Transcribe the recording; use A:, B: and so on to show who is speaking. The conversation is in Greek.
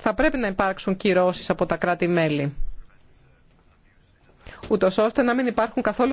A: θα πρέπει να υπάρξουν κυρώσεις από τα κράτη-μέλη, ούτως ώστε να μην υπάρχουν καθόλου